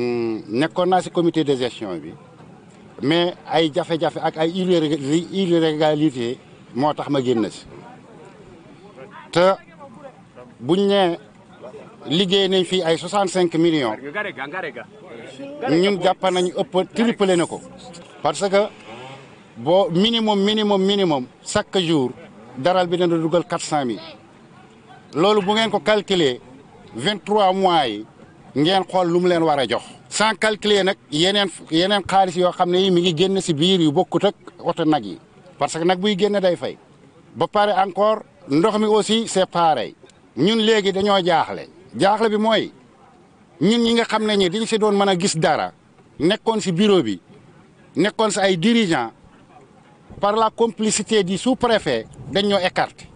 Hmm, nekkoon naa le comité de gestion bi mais ay jafe-jafe ak ay irrégularités moo tax ma génn ci te buñ nous liggéey ay 65 millions ñun jàpp nañu ëpp triplé na parce que boo minimum minimum minimum chaque jour daral bi dana dugal 400 000. loolu bu ngeen ko calculer 23 mois ngeen xool lu mu leen war a jox sans calculer nag yeneen yeneen xaalis yoo xam ne yi mi ngi génn si biir yu bokkut ak oto nag yi parce que nag buy génn day fay ba pare encore ndox mi aussi c'est pareil ñun léegi dañoo jaaxle jaaxle bi mooy ñun ñi nga xam ne ñi dañ si doon mën a gis dara nekkoon si bureau bi nekkoon si ay dirigeants par la complicité du su préfet dañ ñoo écarté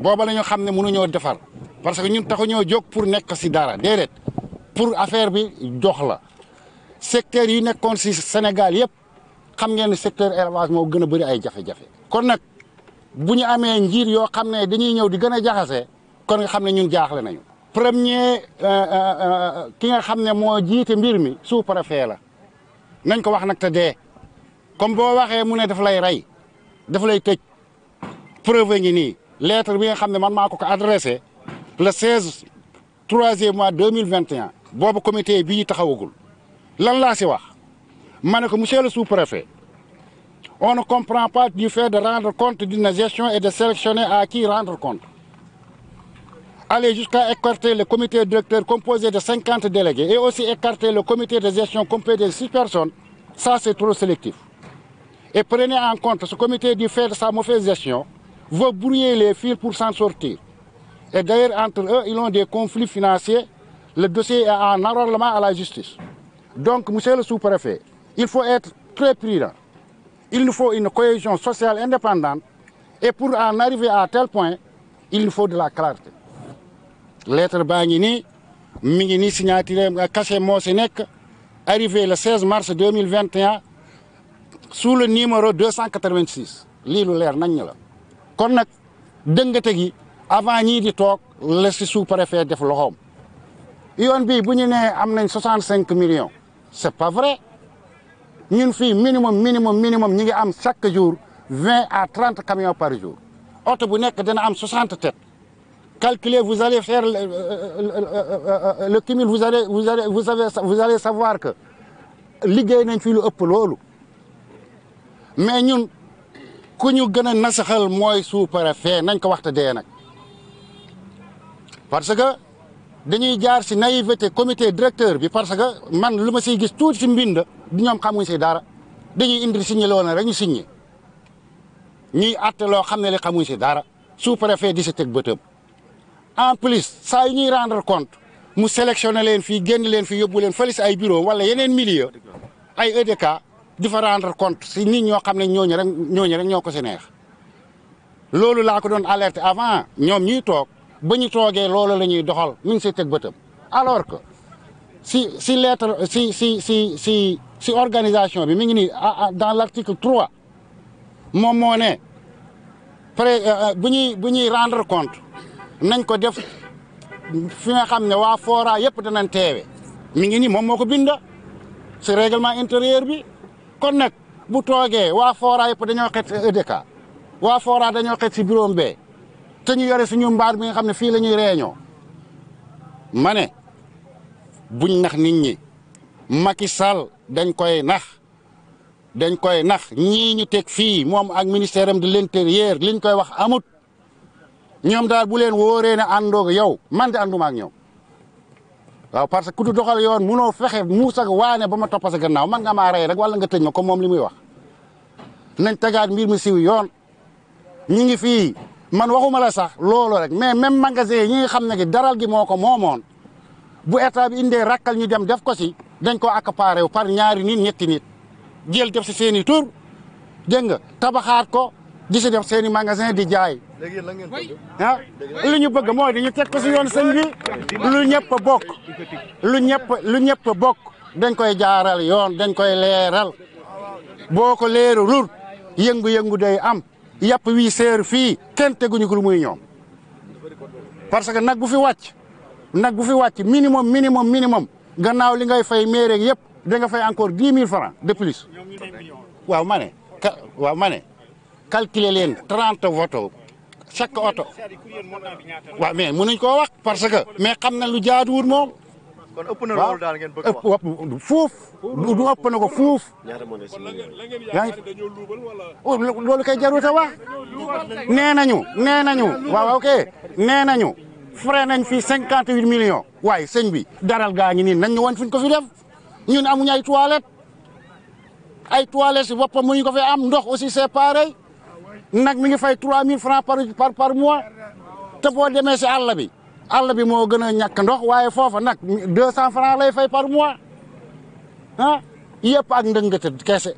booba la ñu xam ne mënuñoo defar parce que ñun taxu taxuñoo jóg pour nekk si dara déedéet pour affaire bi dox la secteur yi nekkoon ci Sénégal yëpp xam ngeen secteur élevage moo gën a bëri ay jafe-jafe. kon nag bu ñu amee njiit yoo xam ne dañuy ñëw di gën a jaxase kon nga xam ne ñun jaaxle nañu. premier euh, euh, euh, ki nga xam ne moo jiite mbir mi sous-préfet la nañ ko wax nag te dee comme boo waxee mu ne daf lay rey daf lay tëj preuve ngi nii lettre bi nga xam ne man maa ko ko adressé le 16 3e mois 2021 Bob comité bi lan wax monsieur le sous-préfet on ne comprend pas du fait de rendre compte d'une gestion et de sélectionner à qui rendre compte aller jusqu'à écarter le comité directeur composé de 50 délégués et aussi écarter le comité de gestion composé de 6 personnes, ça c'est trop sélectif. Et prenez en compte, ce comité du fait de sa mauvaise gestion veut brouiller les fils pour s'en sortir. Et d'ailleurs, entre eux, ils ont des conflits financiers le dossier est en enrôlement à la justice. Donc, monsieur le sous-préfet, il faut être très prudent. Il nous faut une cohésion sociale indépendante et pour en arriver à tel point, il nous faut de la clarté. Lettre Bagnini, Mingini signature Kassé Mosenek, arrivé le 16 mars 2021 sous le numéro 286. L'île l'air n'a Kon nak avant ni di tok le sous-préfet de loxom ils ont dit, ñu am 65 millions Ce n'est pas vrai ñun fii minimum minimum minimum nous am chaque jour 20 à 30 camions par jour Nous bu am 60 têtes. calculer vous allez faire le, cumul vous allez savoir que les nañ fi lu ëpp loolu mais nous, ku ñu gën a nasaxal mooy sous fee nañ ko waxta de parce que dañuy jaar si naïveté comité directeur bi parce que man lu ma siy gis tuuti si mbind du ñoom xamuñ si dara dañuy indi signé loo na rek ñu signé ñuy àtte loo xam ne li xamuñ si dara sous préfet di si teg bëtëm en plus saa ñuy rendre compte mu sélectionné leen fii génn leen fii yóbbu leen fële si ay bureau wala yeneen ay EDK di fa rendre ñoo xam ne ñooñu rek ñooñu rek ñoo ko si neex loolu laa ko doon alerté avant ñoom ñuy toog. ba ñu toogee loolu la ñuy doxal mi ngi si teg bëtam alors que si si lettre si si si si si organisation bi mi ngi nii ah, ah, dans l' article trois moom moo ne pré euh, euh, bu ñuy bu ñuy rendre compte nañ ko def fi nga xam ne waa fora yëpp danañ teewe mi ngi nii moom moo ko binda si règlement intérieur bi kon nag bu toogee waa fora yëpp dañoo xet EDK waa fooraa dañoo xet si bureau bee te ñu yore suñu mbaar bi nga xamné ne lañuy réño mané buñ nax nit ñi Macky Sall dañ koy nax dañ koy nax ñi ñu tek fi mom ak ministèreum de l'intérieur liñ koy wax amut ñom daal bu leen na ando ak yow man di anduma ak ñom waaw parce que ku doxal yoon mëno fexé Moussa ak waane ba ma toppa sa gannaaw man nga ma ray rek wala nga ma comme mom limuy wax nañ tagaat mbir mi siw yoon ñi ngi fi man waxuma la sax loolu rek mais même magasin yi xam ne daral gi moo ko moomoon bu état bi indee rakkal ñu dem def ko si dañ ko accaparé wu par ñaari nit ñetti nit jël def si seen i tur dégg nga tabaxaat ko di si def seen magasin di jaay ah lu ñu bëgg mooy dañu teg ko si yoon sëñ bi lu ñëpp bokk lu ñëpp lu ñëpp bokk dañ koy jaaral yoon dañ koy leeral boo ko leeralul yëngu-yëngu day am yàpp wii seer fii kenn teguñu ko lu muy ñoom parce que nag bu fi wàcc nag bu fi wàcc minimum minimum minimum gannaaw li ngay fay mairie ak yëpp da fay encore dix mille francs de plus. waaw ma ne ka waaw leen trente voto chaque oto waaw mais mënuñ koo wax parce que mais xam na lu jaaduwul moom. kon ëpp na loolu daal ngeen bëgg a wax ëpp fuuf. du ëpp na ko fuuf. yaa ngi oh, nee nañu nee nañu waaw nañu. frais nañ fii cinquante huit millions. waaye sëñ bi daral gaa ngi nii nañ ñu wan fuñ ko fi def ñun amuñu ay toilettes ay toilettes si boppam mu ñu ko fe am ndox aussi c'est pareil nag mi ngi fay trois mille francs par par mois te boo demee si àll bi. àll bi moo gën a ñàkk ndox waaye foofa nag deux cent franc lay fay par mois ah yëpp ak ndëngate kese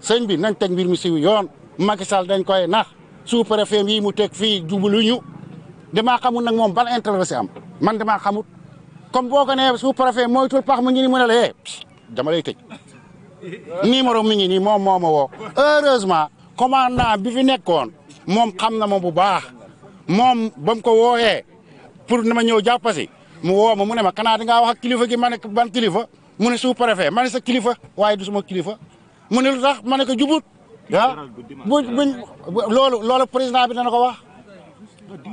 sëñ bi nañ teg mbir mu si yoon Macky Sall dañ koy nax sous-préfet yi mu teg fii jubaluñu damaa xamul nag moom ban intérêt am man damaa xamul comme boo ko nee sous-préfet moytul pax mu ngi ni mu ne la eh, dama lay tëj numéro mi ngi nii moom moo ma woo heureusement commandant bi fi nekkoon moom xam na ma bu baax moom bam mu ko wooyee pour na ma ñëw jàpp si mu woo ma mu ne ma xanaa dangaa wax a kilifa gi ma ne ban kilifa mu ne sous préfet ma ne sa kilifa waaye du suma kilifa mu ne lu tax ma ne ko jubut ah bu buñ loolu président bi dana ko wax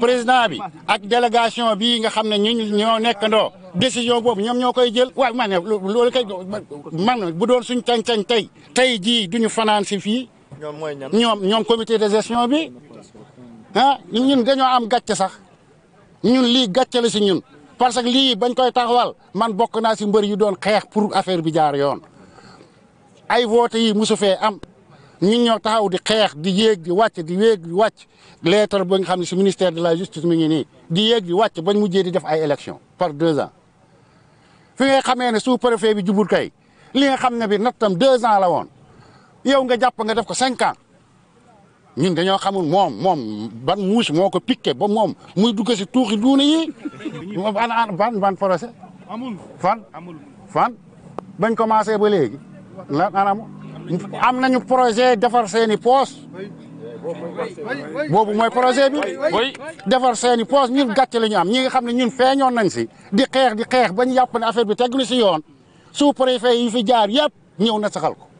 président bi ak délégation bii nga xam ne ñu ñoo nekkandoo décision boobu ñoom ñoo koy jël waaye man loolu kay man bu doon suñ cañ-cañ tey tey jii duñu fanaan si fii ñoom ñoom comité de gestion bi ah ñun dañoo am gàcce sax ñun lii gàcce la si ñun parce que lii bañ koy taxawal man bokk naa si mbër yu doon xeex pour affaire bi jaar yoon ay woote yi mosu fee am ñu ñoo taxaw di xeex di yéeg di wàcc di yéeg di wàcc lettre ba xam ne si ministère de la justice mi ngi nii di yéeg di wàcc bañ mujjee di def ay élection par deux ans fi nga xamee ne sous préfet bi jubul kay li nga xam ne bi nattam deux ans la woon yow nga jàpp nga def ko cinq ans ñun dañoo xamul moom moom ban muus moo ko piqué ba moom muy dugg si tuuxi duuna yi ban ban ban procès fan fan bañ commencé ba léegi lan anam am nañu projet defar seeni poos boobu mooy projet bi defar seeni poos ñun gàcce la ñu am ñi nga xam ne ñun feeñoon nañ si di xeex di xeex bañ yàpp ne affaire bi tegu na si yoon sous-préfet yi fi jaar yëpp ñëw na saxal ko